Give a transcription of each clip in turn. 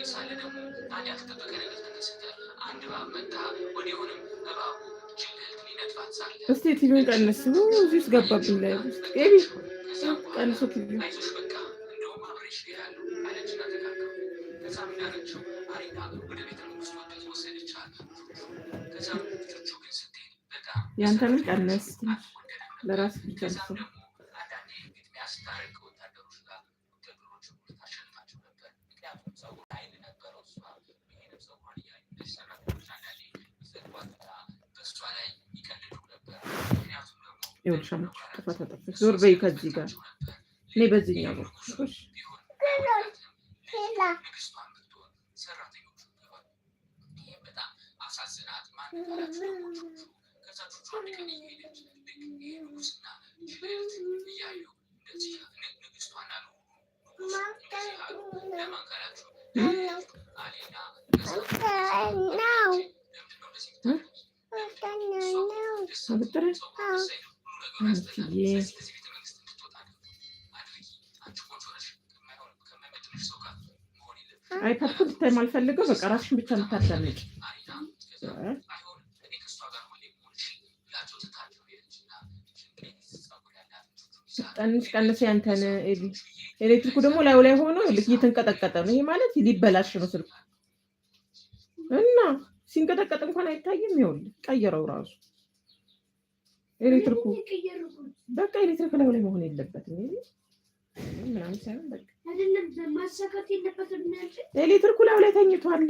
እየጸለይን ሳለ ደግሞ ታዲያ ተጠበቀ ተከሰተ። አንድ እባብ መጣ። ወዲያውኑም እባቡ ጅልህልት ሊነጥፋት ሳለ እስቲ ቲቪን ቀንስ፣ እዚህ ውስጥ ገባብኝ ላይ ውስጥ ቀንሶ ቲቪ አይዞሽ በቃ እንደውም አብሬሽ እሄዳለሁ አለችና ተካከሉ። ከዛ ምን አለችው? ወደ ቤተ መንግስት ወደት ከዛ ግን ስትሄድ ያንተንም ቀነስ ለራስ ብቻ አንዳንዴ ግጥሚያ ይኸውልሽ አለች። ጥፋት አጠፋሽ። ዞር በይ ከዚህ ጋር እኔ በዚህኛው በኩል ነው አይ አይታኩ ልታይ ማልፈልገው በቃ ራስሽን ብቻ የምታዳምጪ ቀንስ ቀንስ ያንተን ኤሌክትሪኩ ደግሞ ላዩ ላይ ሆኖ እየተንቀጠቀጠ ነው። ይሄ ማለት ሊበላሽ ነው ስልኩ እና ሲንቀጠቀጥ እንኳን አይታይም። ይኸውልህ ቀየረው ራሱ ኤሌክትሪኩ በቃ ኤሌክትሪክ ላይ ላይ መሆን የለበትም። ምናምን ሳይሆን ኤሌክትሪኩ ላይ ላይ ተኝቷል።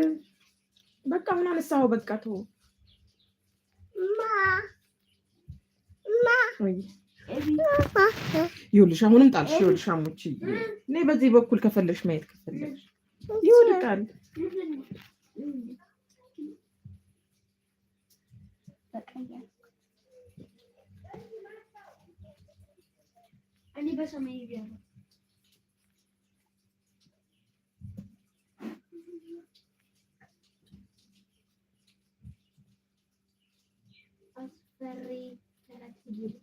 በቃ ምን አነሳው? በቃ ይኸውልሽ፣ አሁንም ጣልሽ። ይኸውልሽ እኔ በዚህ በኩል ከፈለሽ ማየት ከፈለሽ ይወድቃል። በቃ Ali, bésame y viaja. para seguir.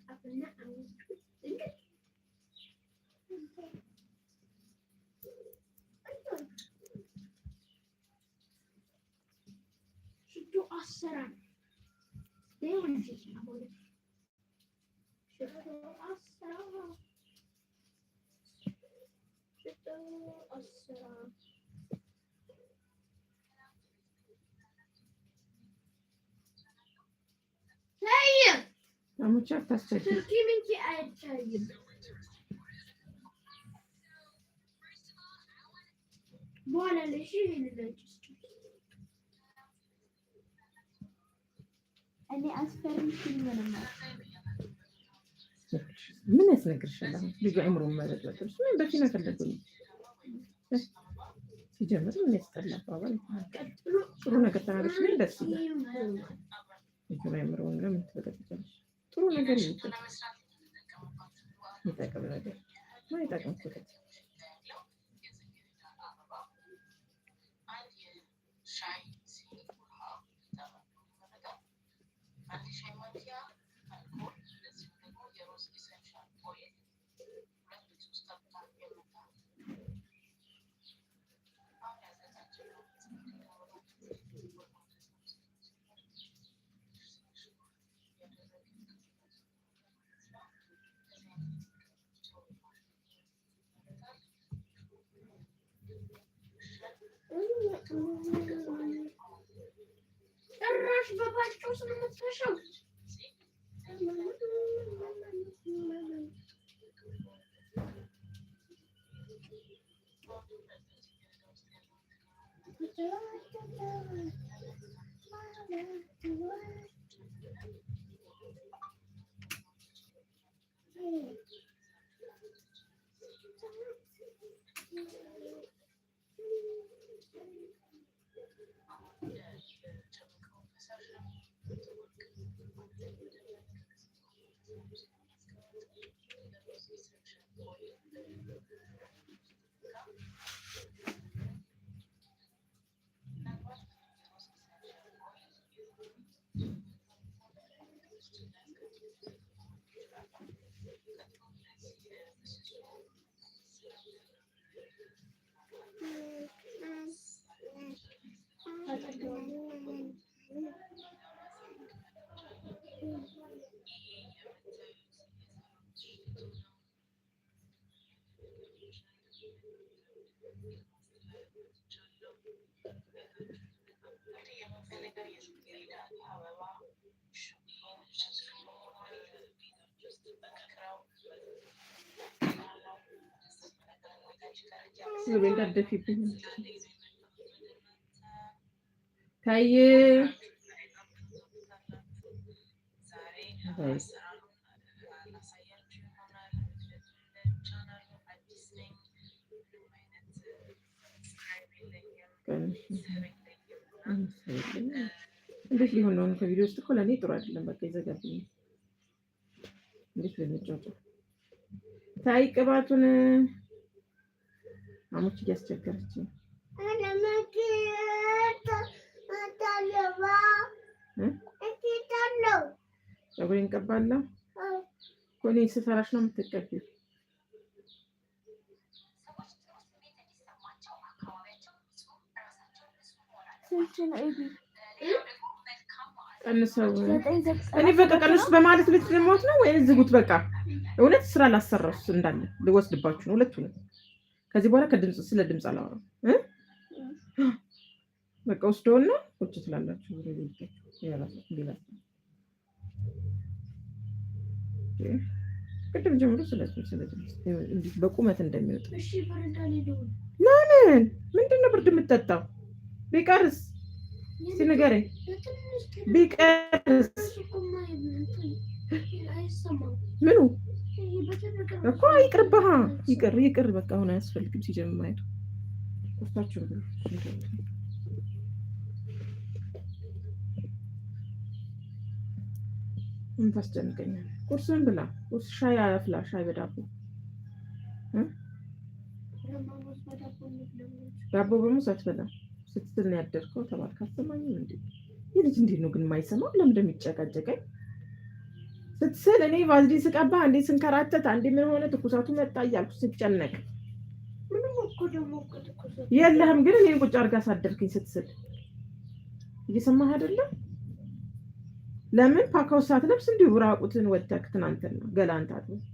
በሙቻ አታስቸግር። ምን ያስነግርሻል? ልጁ አእምሮ መረጥ ምን በፊት ነው የፈለገው ሲጀምር ምን ያስጠላ አባባል። ጥሩ ነገር ተናገርሽ፣ ደስ ይላል። ልጁን አእምሮውን ለምን ትበጠብጫለሽ? Трудно думать. Ну, так, Ну, и так он слухать. Раз, бабачка, уже нам отпрошил. Thank you. Gracias. እንዳትደፊብኝ ታዬ እንዴት ሊሆን ነው? ከቪዲዮ ውስጥ እኮ ለእኔ ጥሩ አይደለም። በቃ ይዘጋብኝ። እንዴት ለመጫወት ታይ ቅባቱን ማሞች እያስቸገረች ነው። ፀጉሬን እንቀባለሁ እኮ እኔ ስሰራሽ ነው የምትቀቢው። ቀንሰው እኔ በቃ ቀንሱ በማለት ልትሞት ነው ወይ ዝጉት። በቃ እውነት ስራ ላሰራው እንዳለ ልወስድባችሁ ነው ሁለቱንም ከዚህ በኋላ ከድምፅ ስለ ድምፅ አላወራም። በቃ ወስደውና ቁጭ ትላላችሁ። ቅድም ጀምሮ በቁመት እንደሚወጣ ለምን ምንድን ነው ብርድ የምጠጣው? ቢቀርስ ሲንገረኝ ቢቀርስ ምኑ እኮ ይቅርብሃ፣ ይቅር ይቅር፣ በቃ አሁን አያስፈልግም። ሲጀምር ማየቱ ኮስታችሁ ምን ታስጨንቀኛለህ? ቁርስን ብላ ቁርስ፣ ሻይ አያፍላ፣ ሻይ በዳቦ ዳቦ በሙዝ አትበላ ስትል ነው ያደርከው ተባልክ። አሰማኝም እንዴ? ይህ ልጅ እንዴት ነው ግን የማይሰማው? ለምን እንደሚጨቃጨቀኝ ስትስል እኔ ቫዝሊን ስቀባ አንዴ ስንከራተት አንዴ ምን ሆነ ትኩሳቱ መጣ እያልኩ ስጨነቅ የለህም ግን እኔን ቁጭ አድርጋ አሳደርክኝ ስትስል እየሰማህ አይደለም ለምን ፓካው ሳትለብስ እንዲሁ ራቁትን ወተክ ትናንትና ገላን ታጥበህ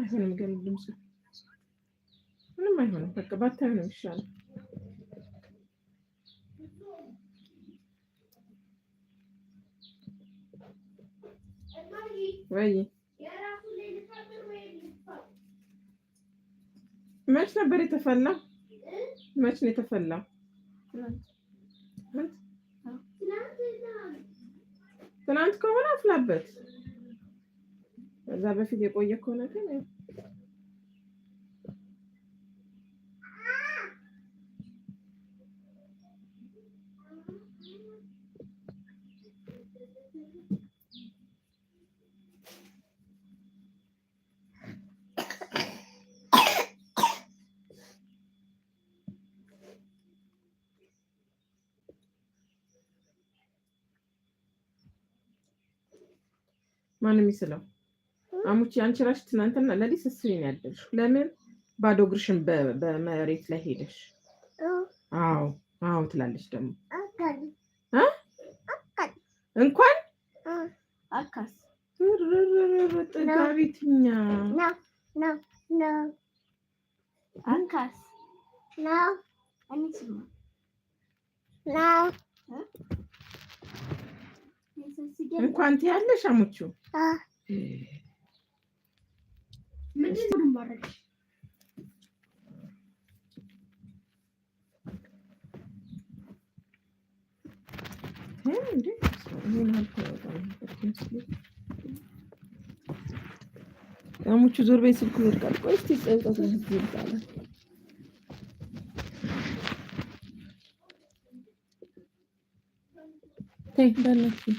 አይሆንም ግን ድምፅ ምንም አይሆንም። በቃ ባታዩ ነው የሚሻለው። ወይ መች ነበር የተፈላ? መች ነው የተፈላ? ትናንት ከሆነ አፍላበት። ከዛ በፊት የቆየ ከሆነ ግን ማንም ይስለው። አሙቺ አንቺ እራስሽ ትናንትና ለሊት ስትስሪ ነው ያደርሽ። ለምን ባዶ እግርሽን በመሬት ላይ ሄደሽ? አዎ አዎ ትላለች ደግሞ እንኳን አካስ ጥጋቢትኛ አካስ እንኳን ትያለሽ አሞቹ አሞቹ ዞር ቤት ስልኩ ይወድቃል። ቆይ እስኪ ጸውጣት ይወድቃላል። ተይ በእናትሽ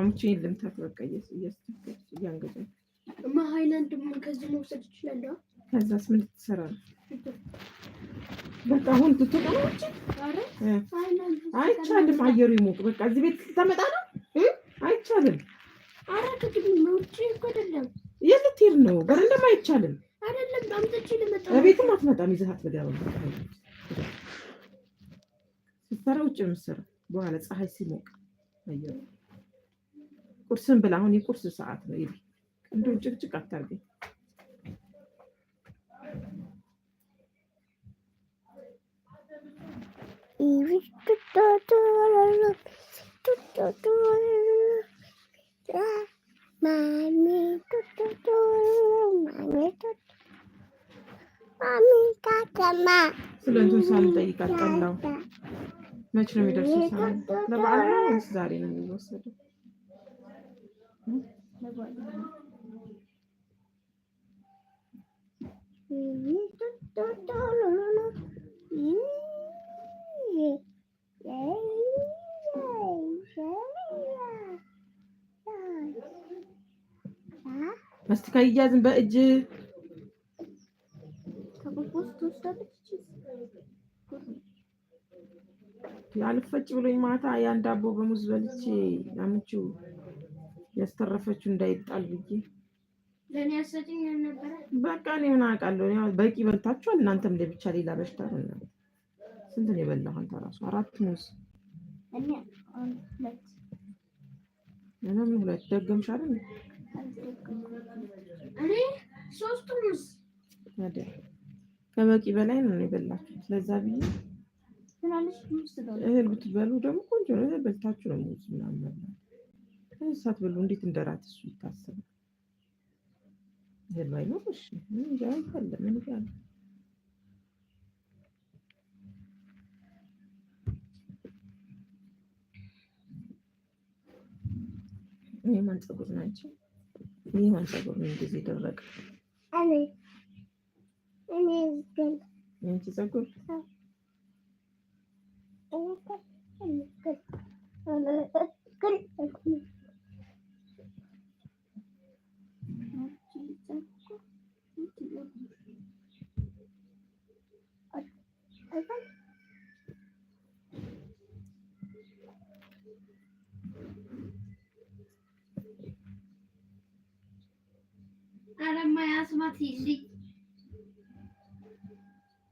አምቼ ልምታት በቃ እያስተካከለች እያንገዛች እማ ሀይላንድ ምን ከዚህ መውሰድ ይችላለ። ከዛስ ምን ትሰራ ነው? በቃ አሁን ትተቀማች። አይቻልም፣ አየሩ ይሞቅ። በቃ እዚህ ቤት ልታመጣ ነው። አይቻልም። አረ ከግቢ መውጭ እኮ አይደለም። የት ልትሄድ ነው? በረንዳም አይቻልም። አይደለም አምጥቼ ልመጣ። ቤትም አትመጣም። ይዘሃት በጋባ ስትሰራ ውጭ ምስር በኋላ ፀሐይ ሲሞቅ አየሩ ቁርስን ብላ። አሁን የቁርስ ሰዓት ነው። ይሄ ቅንዶ ጭቅጭቅ አታርገኝ። ስለ እንትን ሳንጠይቅ መች ነው የሚደርሰው? ለበዓል ነው ወይስ ዛሬ ነው የሚወሰደው? ማስቲካ ይያዝን በእጅ አልፈጭ ብሎኝ ማታ ያን ዳቦ በሙዝ በልቼ ያስተረፈችው እንዳይጣል ብዬ ለኔ ያሰጥኝ ነበር። በቃ እኔ ምን አውቃለሁ። ያው በቂ በልታችኋል እናንተም ለብቻ ሌላ በሽታ አይደለም። ስንት ነው የበላሁ? አንተ ራሱ አራት ሙዝ ምንም ሁለት ደገምሽ አይደል? እኔ ሶስት ሙዝ ታዲያ ከበቂ በላይ ነው የበላችሁት። ለዛ ብዬ ትናንሽ ሙዝ እህል ብትበሉ ደግሞ ቆንጆ ነው። በልታችሁ ነው ሙዝ ምናምን እሳት ብሎ እንዴት እንደራት እሱ ይታሰባል። እህል ባይኖር እሺ እንጃ አይባልም እንጃ ይህ ማን ፀጉር ናቸው? ይህ ማን ፀጉር ነው እንደዚህ ደረቀ? አንቺ ፀጉር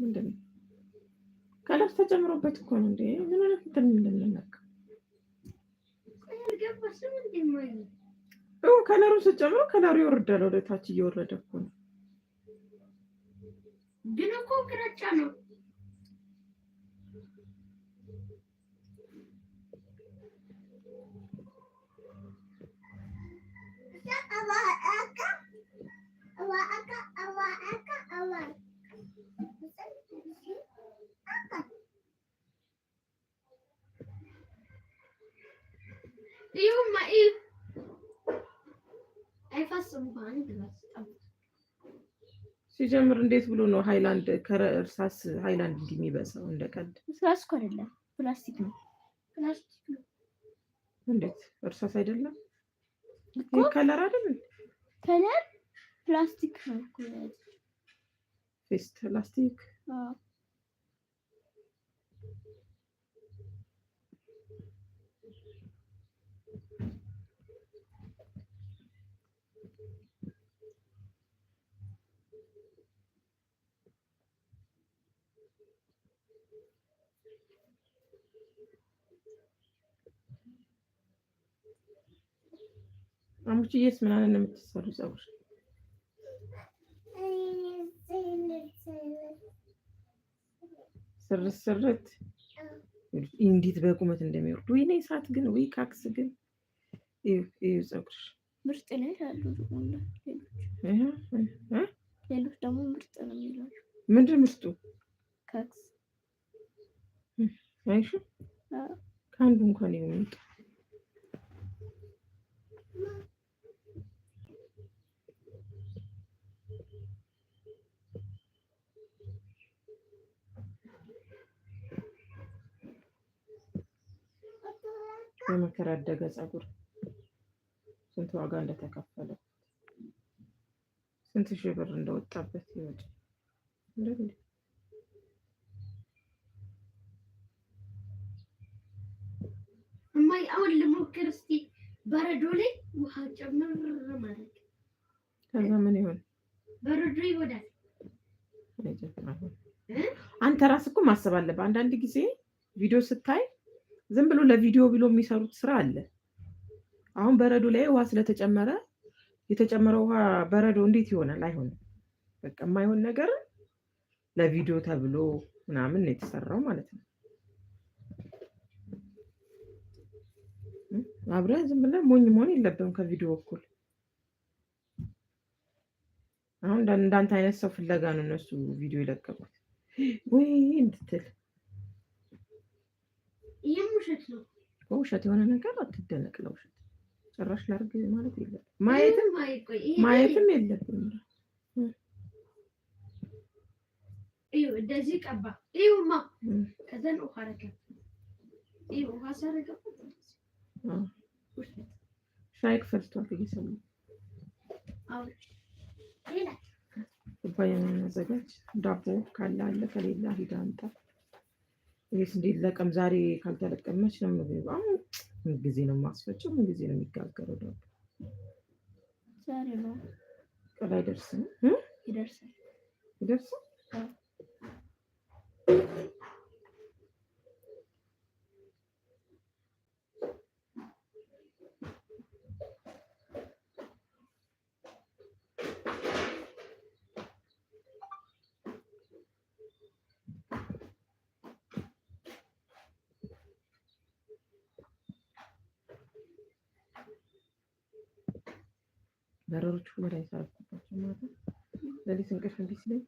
ምንድን ነው ተጨምሮበት እኮ ነው። እንደ ምን አይነት እንትን እንደምንነቅ ከለሩ ስጨምሮ ከለሩ ይወርዳል። ወደ ታች እየወረደ እኮ ነው። ግን እኮ ግራጫ ነው። ሲጀምር እንዴት ብሎ ነው ሃይላንድ ከእርሳስ ሃይላንድ እንዲህ የሚበሳው? እንደ ቀልድ እርሳስ እኮ አይደለም፣ ፕላስቲክ ነው። ፕላስቲክ ነው። እንዴት እርሳስ አይደለም? ከለር አይደለም ከለር ፕላስቲክ ነው ፌስት ፕላስቲክ አሙችዬስ ምን አለን የምትሰሩ ጸጉር ስርት ስርት እንዴት በቁመት እንደሚወርዱ ወይኔ እሳት ግን ወይ ካክስ ግን እዩ ጸጉር ምርጥ ነው ይላሉ። ሌሎች ደግሞ ምርጥ ነው የሚላሉ። ምንድን ምርጡ ካክስ አይሹ ከአንዱ እንኳን የምንጡ የመከር ያደገ ጸጉር ስንት ዋጋ እንደተከፈለ ስንት ሺህ ብር እንደወጣበት ይወጭ እማይ አሁን ልሞክር እስቲ በረዶ ላይ ውሃ ጨምር ማለት ከዛ ምን ይሆን በረዶ ይወዳል አንተ ራስ እኮ ማሰብ አለብህ አንዳንድ ጊዜ ቪዲዮ ስታይ ዝም ብሎ ለቪዲዮ ብሎ የሚሰሩት ስራ አለ። አሁን በረዶ ላይ ውሃ ስለተጨመረ የተጨመረ ውሃ በረዶ እንዴት ይሆናል? አይሆንም። በቃ የማይሆን ነገር ለቪዲዮ ተብሎ ምናምን ነው የተሰራው ማለት ነው። አብረ ዝም ብለን ሞኝ መሆን የለብም ከቪዲዮ እኩል። አሁን እንዳንተ አይነት ሰው ፍለጋ ነው እነሱ ቪዲዮ ይለቀቁት ወይ እንድትል ይሄም ውሸት ነው። በውሸት የሆነ ነገር አትደነቅ። ለውሸት ጭራሽ ላርግ ማለት የለም። ማየትም ማየትም የለብንም። ይኸው እንደዚህ ቀባ። ይኸውማ ከዘን ውሃ ረገ ይኸው ውሃ ሰረገ ሻይ ክፈልቷል። እየሰሙ ኩባያ የሚያዘጋጅ ዳቦ ካለ አለ፣ ከሌላ ሂዳ አምጣ ቤት ለቀም ዛሬ ካልተለቀመች ነው ምግብ። አሁን ምን ጊዜ ነው ማስፈጨው? ምን ጊዜ ነው የሚጋገረው? ዳቦ ዛሬ ነው ይደርስ ይደርሳል ይደርሳል በረሮቹ መድኃኒት አደረኩባቸው ማለት ነው። ለሊት እንቅልፍ እንዲህ ሲለኝ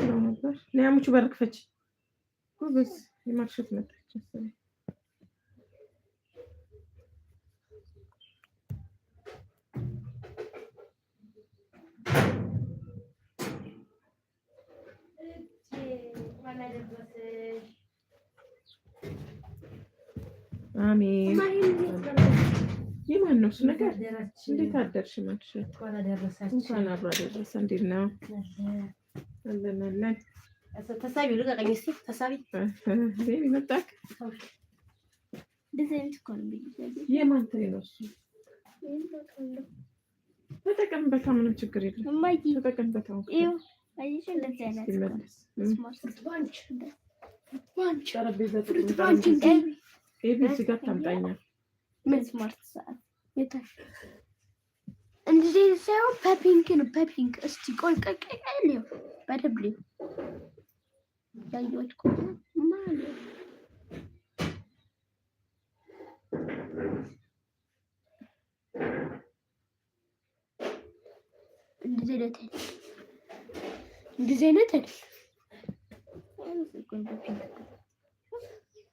ብለው ነበር። ሊያሙቹ በር ክፈች ጎበዝ፣ የማርሸት መጣች መሰለኝ። አሜን የማን ነው እሱ ነገር? እንዴት አደርሽ? ማድሽ እንኳን አብሮ አደረሰ። እንዴት ነው? አለን አለን። ተሳቢ ልቀቀኝ እስኪ ተሳቢ መጣክ። የማን ትሪ ነው እሱ? ተጠቀምበታ፣ ምንም ችግር የለም። ተጠቀምበታ ጠረጴዛ ጥቅምጣ ስጋት ታምጣኛል ምን ስማርት ሰዓት የታሽ እንደዚህ ሳይሆን በፒንክ ነው። በፒንክ እስቲ ቆይ ቀቀቀ ነው በደብሊው ያየሁት እኮ ማለት እንደዚህ አይነት እንደዚህ አይነት አይደል?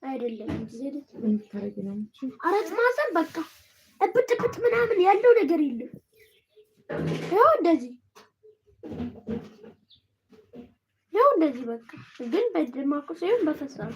አይደለም አራት ማዕዘን በቃ እብጥ እብጥ ምናምን ያለው ነገር የለም። ያው እንደዚህ ያው እንደዚህ በቃ ግን በደማቁ ሲሆን በፈሳሽ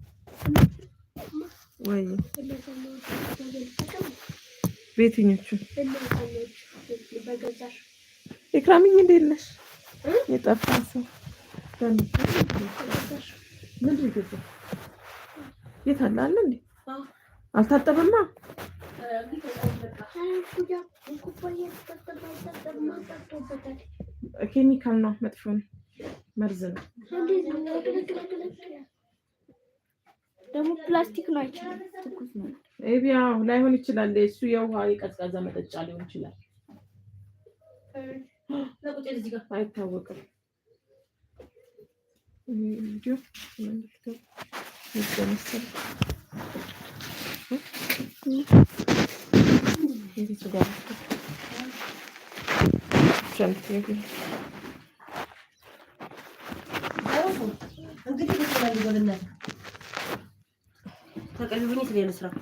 ወይ በየትኞቹ ኢክራምዬ እንዴት ነሽ? የጠፋ ሰው የት አለ አለ እንዴ? አልታጠበማ ኬሚካል ነው፣ መጥፎ ነው፣ መርዝ ነው። ደግሞ ፕላስቲክ ነው አይችልም፣ ትኩስ ነው። ኤቢ አዎ፣ ላይሆን ይችላል። እሱ የውሃ የቀዝቃዛ መጠጫ ሊሆን ይችላል፣ አይታወቅም። ተቀልብኝ ስለሌለ ስራ